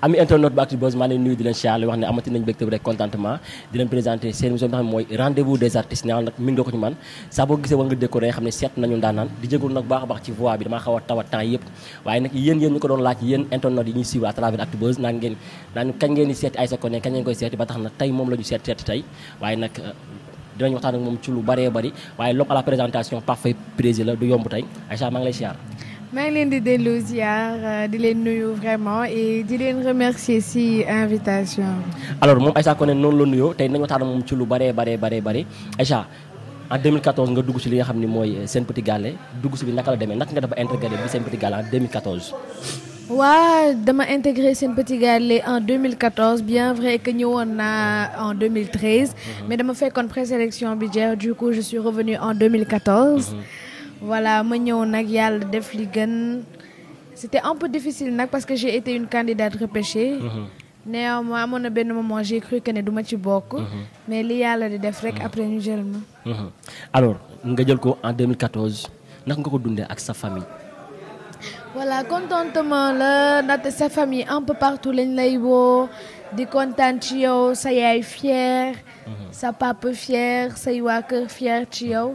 ami internet bu Actubuzz maa leen nuyu di leen siyaar wax ne amati nañ bégte bu rek contentement di leen présenté seen émission mooy rendez des artistes ñaan ne seet nañu ndaanaan di jégul nag baax a baax ci voix bi damaa xaw a a temps yëpp waaye nag yéen yéen ñu ko doon laaj yéen internet yi ñuy suivre à travers Actubuzz naan ngeen naan kañ ngeen di seeti Aïssa Koné kañ ngeen koy seeti ba tax na tey moom la ñu seet seeti tey waaye nag euh, dinañ la maa ngi leen di dellu ziar euh, di leen nuyu vraiment et di leen remercier si invitation alors moom Aïcha Koné noonu la nuyoo tey nañu waxtaan moom ci lu baree baree baree baree Aïcha en nga dugg si li nga xam ni mooy Sen Petit Gallé dugg si bi naka la demee naka nga dafa intégré bi Sen Petit Gallé en 2014 waa dama intégré Sen Petit Gallé en 2014 bien vrai que ñëwoon na en 2013 mhm. mais dama fekkoon présélection bi jeex du coup je suis revenue en 2014 mm -hmm. voilà ma ñëw nag yàlla def li gën c'était un peu difficile nag parce que j'ai été une candidate repêchée. Mhm. néanmoins amoon na benn moment j'ai cru que ne duma ci bokk. Mhm. mais li yàlla di def rek mhm. après ñu jël ma. alors nga jël ko en 2014 naka nga ko dundee ak sa famille. voilà contentement la ndaxte sa famille un peu partout lañ lay woo di kontaan ci yow sa yaay fier sa papa fier say waa kër fier ci yow.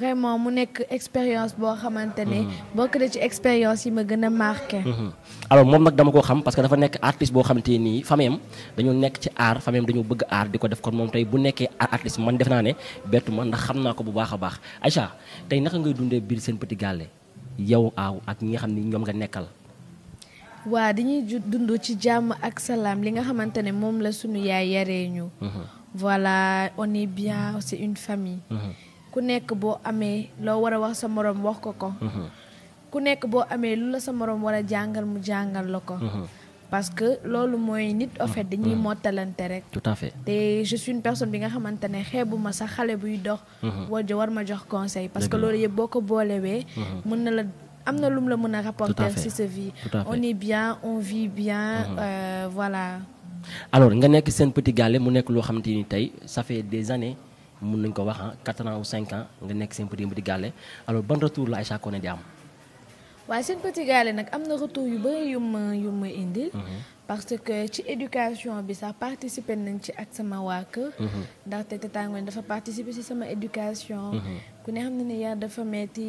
vraiment mu nekk expérience boo xamante ne. Mhm. bokk na ci expérience yi ma gën a marqué. Mhm. alors moom nag dama ko xam parce que dafa nekk artiste boo xamante nii famille am nekk ci aar famille am bëgg aar di ko def kon moom tey bu nekkee artiste man def naa ne bettu ma ndax xam naa ko bu baax a baax Aïcha tey naka ngay dundee biir seen petit gàllé yow aaw ak ñi nga xam ni ñoom nga nekkal. waa dañuy dund ci jàmm ak salaam li nga xamante ne moom la sunu yaay yaree ñu. Mhm. voilà on est bien c'est une famille. ku nekk boo amee loo war a wax sa moroom wax ko ko mhm. ku nekk boo amee lu la sa moroom war a jàngal mu jàngal la ko mhm. parce que loolu mooy nit en dañuy mhm. mottalante rek. tout à fait te je une personne bi nga xamante ne xeebu ma sax xale buy dox. wala war ma jox conseil. parce que loolu yëpp boo ko boolewee. mën na la am na lum la mën a rapporter ci sa vie. on est bien on vit bien euh, voilà. alors nga nekk seen petit mu nekk loo xamante ni tey ça fait des années. mun nañ ko wax ah 4 ans ou 5 ans nga nekk seen petit petit gàlle alors ban retour la Aïcha Koné di am. waaw seen petit gàlle nag am na retour yu bëri yu ma yu ma indil. Mhm. parce que ci éducation bi sax participer nañ ci ak sama waa kër. Mhm. ndaxte Tata Ngoné dafa participer ci sama éducation. Mhm. ne xam na ni yar dafa metti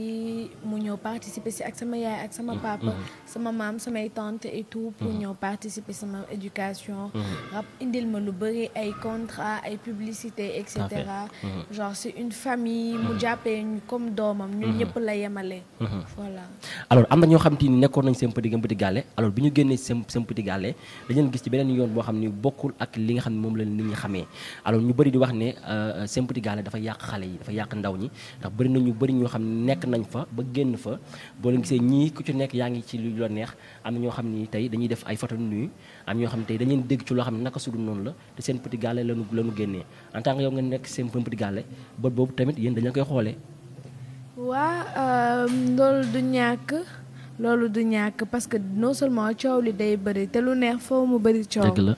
mu ñëw participer si ak sama yaay ak sama mm-hmm. papa mm-hmm. sama maam samay tante et tout pour mm-hmm. ñëw participer sama éducation rab indil ma lu bëri ay contrat ay publicité et cetera genre c'est une famille mu jàppee comme doomam ñun ñëpp la yemale voilà alors am na ñoo xam te ni nekkoon nañ seen petit petit gàlle alors bi ñu génnee seen seen petit gàlle dañ gis ci beneen yoon boo xam ni bokkul ak li nga xam ne moom la nit ñi xamee alors ñu bëri di wax ne euh, seen petit gàlle dafa yàq xale yi dafa yàq ndaw ñi bëri na ñu bëri ñoo xam ne nekk nañ fa ba génn fa boo leen gisee ñii ku ci nekk yaa ngi ci lu la neex am na ñoo xam ni tey dañuy def ay photo nuyu am ñoo xam ne tey dañu dégg ci loo xam ne naka su noonu la te seen petit gàlle lanu lanu génnee en tant que yow nga nekk seen petit gàlle bët boobu tamit yéen dañu koy xoolee waa euh, loolu du ñàkk loolu du ñàkk parce que non seulement coow li day bëri te lu neex foo mu bëri coow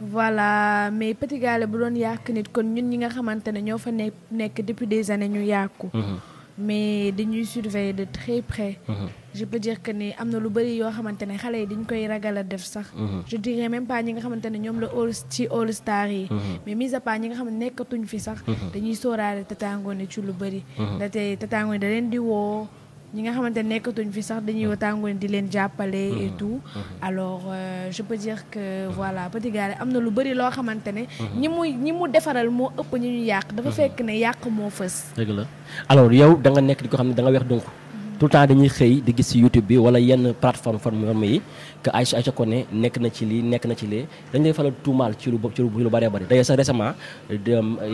voilà mais Petit Galle bu doon yàq nit kon ñun ñi nga xamante ne ñoo fa nekk nekk depuis des années ñu yàqu. Mhm. mais dañuy surveiller de très près. Mhm. je peux dire que ni am na lu bëri yoo xamante ne xale yi dañ koy ragal a def sax. Mhm. je dirais même pas ñi nga xamante ne ñoom la all ci all star yi. mais mis à part ñi nga xam ne nekkatuñ fi sax. dañuy sóoraale tataangoone ci lu bëri. da tey da leen di woo. ñi nga xamante ne nekkatuñ fi sax dañuy ah. tàngoon di leen jàppale. et ah. tout ah. alors euh, je peux dire que voilà Petit am na lu bari loo xamante ne. ñi muy ñi mu defaral moo ëpp ñu yàq. dafa fekk ne yàq moo fës. dëgg la alors yow da nga nekk di ko xam ne da nga weex donc mhm. tout le temps dañuy xëy di gis ci YouTube bi wala yenn plateforme forme yi que Aïcha Aïcha Koné nekk na ci lii nekk na ci lee dañ lay faral tuumaal ci lu ci lu bëree bëri d'ailleurs sax récemment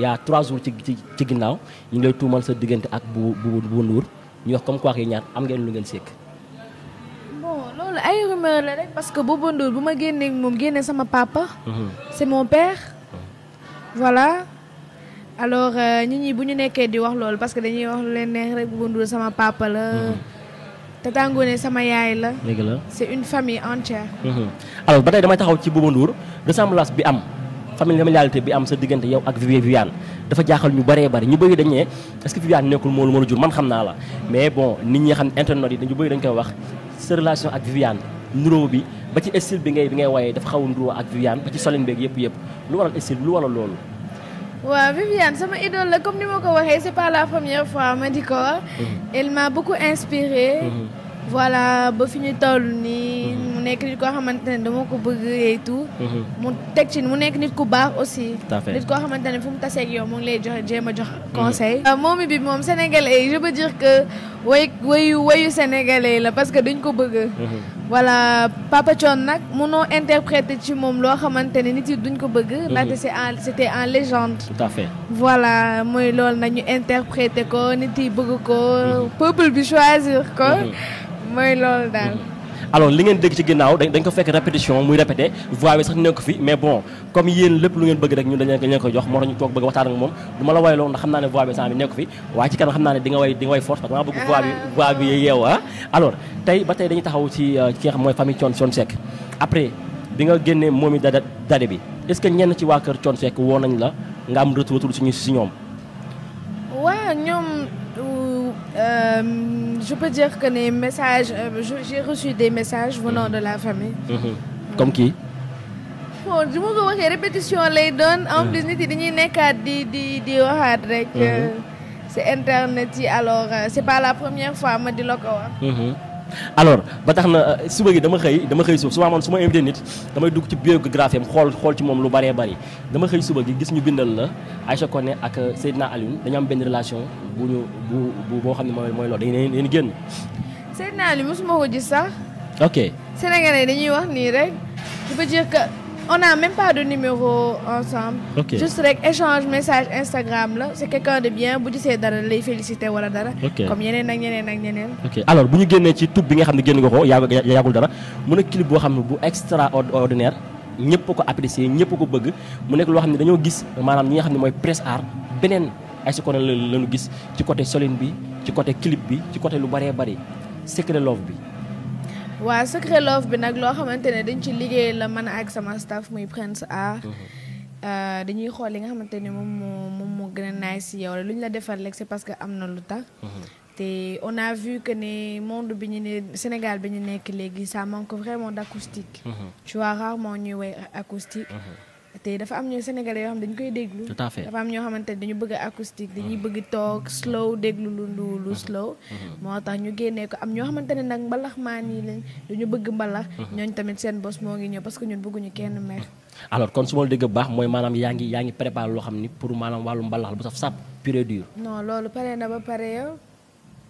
y a trois jours ci ci ginnaaw ñu ngi lay tuumaal sa diggante ak bu bu bu ñu wax comme quoi yi ñaar am ngeen lu ngeen sékk bon loolu ay rumeur la rek parce que Bobo Ndour bu ma génnee moom génne sama papa. Mhm. c'est mon père. voilà alors euh, nit ñi bu ñu nekkee di wax loolu parce que dañuy wax leen neex rek Bobo Ndour sama papa la. Mhm. Tata Ngoné sama yaay la. léegi la c'est une famille entière. Mhm. alors ba tey damay taxaw ci Bobo Ndour ressemblance bi am famille familialité bi am sa diggante yow ak Viviane. dafa jaaxal ñu baree bëri ñu bëri dañ ne est-ce que Viviane nekkul moo lu ma la jur man xam naa la mais bon nit ñi xam internet yi dañu bëri dañ koy wax sa relation ak Viviane nuróo bi ba ci style bi ngay bi ngay woyee dafa xaw a nuróo ak Viviane ba ci solin beeg yëpp yëpp lu waral style lu waral loolu waaw Viviane sama idole la comme ni ma ko waxee c'est pas la première fois ma di ko wax mhm. elle m'a beaucoup inspiré mhm. voilà ba fi ñu toll nii nekk nit koo xamante ne dama ko bëgg et tout. Mhm. mu teg ci mu nekk nit ko baax aussi. nit koo xamante ne fu mu taseeg yow mu ngi lay joxe jéem a jox mhm. conseil. Euh, moomi bi moom sénégalais yi je veux dire que way wayu wayu sénégalais la parce que duñ ko bëgg. Mhm. voilà Papa Thione nag munoo interpréter ci moom loo xamante ne nit yi duñ ko bëgg. ndaxte c'est en c'était en légende. tout à fait voilà mooy loolu nag ñu interpréter ko nit yi bëgg ko. peuple bi choisir ko. mooy loolu daal. alors li ngeen dégg ci ginnaaw dañ ko fekk répétition muy répété voix bi sax nekk fi mais bon comme yéen lépp lu ngeen bëgg rek ñun dañ ko jox moo tax ñu toog bëgg waxtaan ak moom du ma la wayloo ndax xam naa ne voix bi sang bi nekk fi waaye ci kanam xam naa ne di nga way di force parce que bëgg voix bi yeew ah, ah. tey ba tey dañuy taxaw ci euh, ki nga xam mooy famille Thione Thione après bi nga génnee moom i dada dade bi est que ñenn ci waa kër si ñoom waaw Euh, je peux dire que les messages, euh, j'ai des messages venant de la famille. Mmh. Comme qui bon su ma ko waxee répétition lay doon. en mm. plus nit yi dañuy nekkaat di di di waxaat rek. Euh, mm-hmm. c' est internet yi alors euh, c' est la première fois ma di la ko alors ba tax na euh, suba gi dama xëy dama xëy suuf souvent man su ma invité nit damay dugg ci biographie am xool xool ci moom lu bëree bëri dama xëy suba gi gis ñu bindal la Aïcha Koné ak euh, na Alioune dañu am benn relation bu ñu bu boo xam ne mooy mooy loolu dañu leen génn. Seydina Alioune mosuma ko gis sax. ok sénégalais dañuy wax nii rek. on n'a même pas de numéro ensemble. ok juste rek échange message Instagram la c'est quelqu'un de bien bu gisee dara lay féliciter wala dara. comme yeneen ak ñeneen ak ñeneen. ok bu ñu génnee ci tub bi nga xam ne génn nga ko yàggul dara mu nekk clip boo xam ne bu extraordinaire ñëpp ko apprécier ñëpp ko bëgg mu nekk loo xam ne dañoo gis maanaam ñi nga xam ne mooy presse art beneen ay si lañu gis ci côté soline bi ci côté clip bi ci côté lu baree bëri secret love bi. waaw Secret Love bi nag loo xamante ne dañ ci liggéey la man ak sama staff muy Prince Art mhm. euh, dañuy xool yi nga xamante ni moom moo moom moo gën a naay si yow la lu ñu la defar rek c'est parce que am na lu tax mhm. te on a vu que ni monde bi ñu ne Sénégal bi ñu nekk léegi ça manque vraiment d'acoustique mhm. tu vois rarement ñuy woy acoustique te dafa am ñoo sénégalais yoo xam dañu koy déglu. dafa am ñoo xamante ne dañu bëgg acoustique dañuy bëgg toog slow déglu lu lu lu mhm. slow. Mhm. moo tax ñu génnee ko am ñoo xamante ne nag mbalax maan yi lañ dañu bëgg mbalax. Mhm. ñooñu tamit seen bos moo ngi ñëw parce que ñun bëgguñu kenn mer. alors kon su ma la baax mooy maanaam yaa ngi yaa ngi préparé loo xam ni pour maanaam wàllu mbalax bu saf sàpp pure et loolu pare na ba pare yow.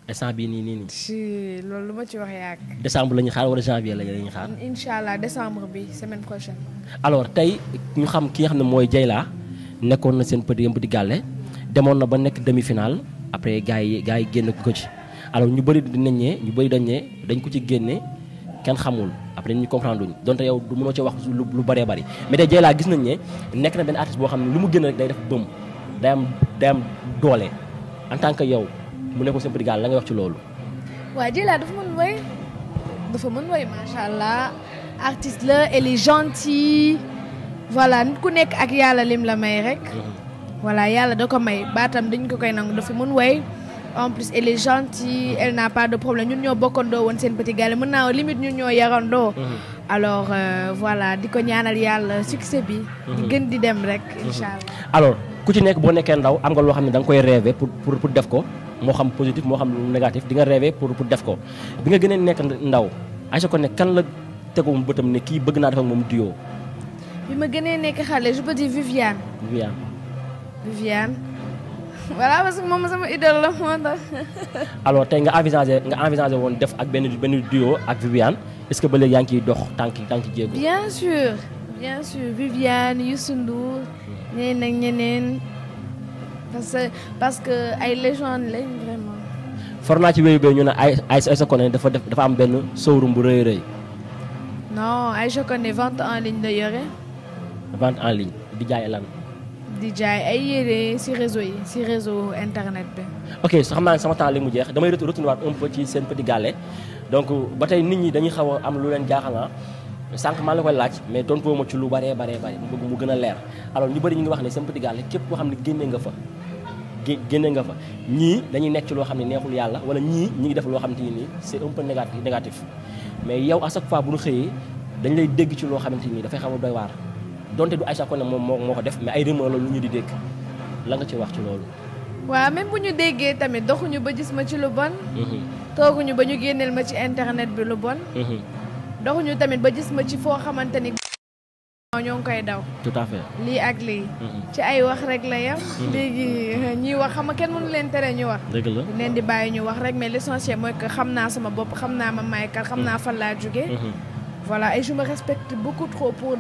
instant bii nii nii nii. si loolu lu ma ci wax yaak. décembre la ñuy xaar wala janvier la ñuy xaar. incha allah décembre bi semaine prochaine. alors tey ñu xam ki nga xam ne mooy Dieyla nekkoon na seen petit petit gàlle demoon na ba nekk demi finale après gars yi gars yi génn ko ci alors ñu bëri nañ ñee ñu bëri dañ ñee dañ ko ci génne kenn xamul après ñu comprendre luñ donte yow du mënoo ci wax lu lu bëree bëri mais tey gis nañ ne nekk na benn artiste boo xam ne lu mu génn rek day def bëm day doole en tant que yow. mu nekkoon sa brigade la nga wax ci loolu. waaw Dieyla dafa mën woy dafa mën woy macha allah artiste la elle est gentille voilà ku nekk ak yàlla lim la may rek. Mhm. voilà yàlla da ko may baatam dañ ko koy nangu dafa mën woy en plus elle est gentille elle n'a pas de problème ñun ñoo bokkandoo woon seen petit gàllé mën naa limite ñun ñoo yarandoo. Mhm. alors euh, voilà di ko ñaanal yàlla succès bi. Mhm. gën di dem rek. incha allah alors ku ci nekk boo nekkee ndaw am nga loo xam ne da nga koy pour pour def ko. moo xam positif moo xam négatif di nga rêver pour pour def ko bi nga gën a nekk ndaw Aïcha Koné kan la tegum bëtam ne kii bëgg naa def moom duo bi ma gënee nekk xale je peux dire Viviane. Viviane. Viviane. voilà parce que moom sama idole la moo tax. alors tey nga envisagé nga envisagé woon def ak benn benn duo ak Viviane est que ba léegi yaa ngi ciy dox tànki tànki jéego. bien sûr bien sûr Viviane Youssou Ndour ñeneen ak ñeneen. parce que parce que ay légende lañ vraiment. for naa ci wéyu béy ñu ne ay Aïcha Koné dafa def dafa am benn showroom bu rëy rëy. non Aïcha Koné vente en ligne la yore. vente en ligne di jaay lan. di jaay ay yére ci réseau yi ci réseau internet bi. ok so xam naa ne sama temps li mu jeex damay retourner waat un peu ci seen petit gàllé donc ba tey nit ñi dañuy xaw a am lu leen jaaxal ah. sànq maa la koy laaj mais tontu ma ci lu baree baree bare mu bëgg gën a leer alors ñu bëri ñu ngi wax ne képp koo xam ne génne nga fa. génne nga fa ñii dañuy nekk ci loo xam ne neexul yàlla wala ñii ñi def loo xam te nii c'est un peu mais yow à chaque bu ñu xëyee dañ lay dégg ci loo xamante nii dafay xaw a doy waar donte du Aïcha Koné moom moo moo ko def mais ay rumeur la lu ñu di dégg la nga ci wax ci loolu waaw même bu ñu déggee tamit doxuñu ba gis ma ci lu bon mm-hmm. tooguñu ba ñu génneel ma ci internet bi lu bon mm-hmm. doxuñu tamit ba gis ma ci foo xamante Oh, ñoo ngi koy daw. tout à fait. lii ak lii. ci ay wax rek la yem. léegi euh, ñuy wax xam nga kenn mënu leen tere ñu wax. dëgg la di bàyyi ñu wax rek mais l'essentiel mooy que xam naa sama bopp xam naa ma may kan xam naa fan laa jógee. voilà et je me respecte beaucoup trop pour.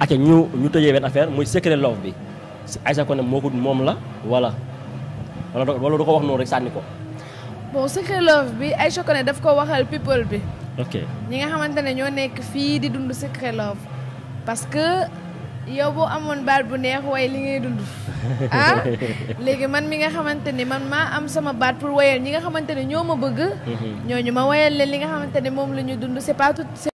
ak ñu ñu tëjee benn affaire muy secret love bi Aïssa Koné moo ko moom la wala wala du ko wax noonu rek waxal people bi. ok ñi nga xamante ñoo nekk fii di dund secret love. parce que yow boo amoon baat bu neex waaye li ngay dund ah léegi man mi nga xamante ni man maa am sama baat pour wayal ñi nga xamante ne ñoo ma bëgg mhm. ñooñu ma wayal leen li nga xamante ne moom la ñu dund c'est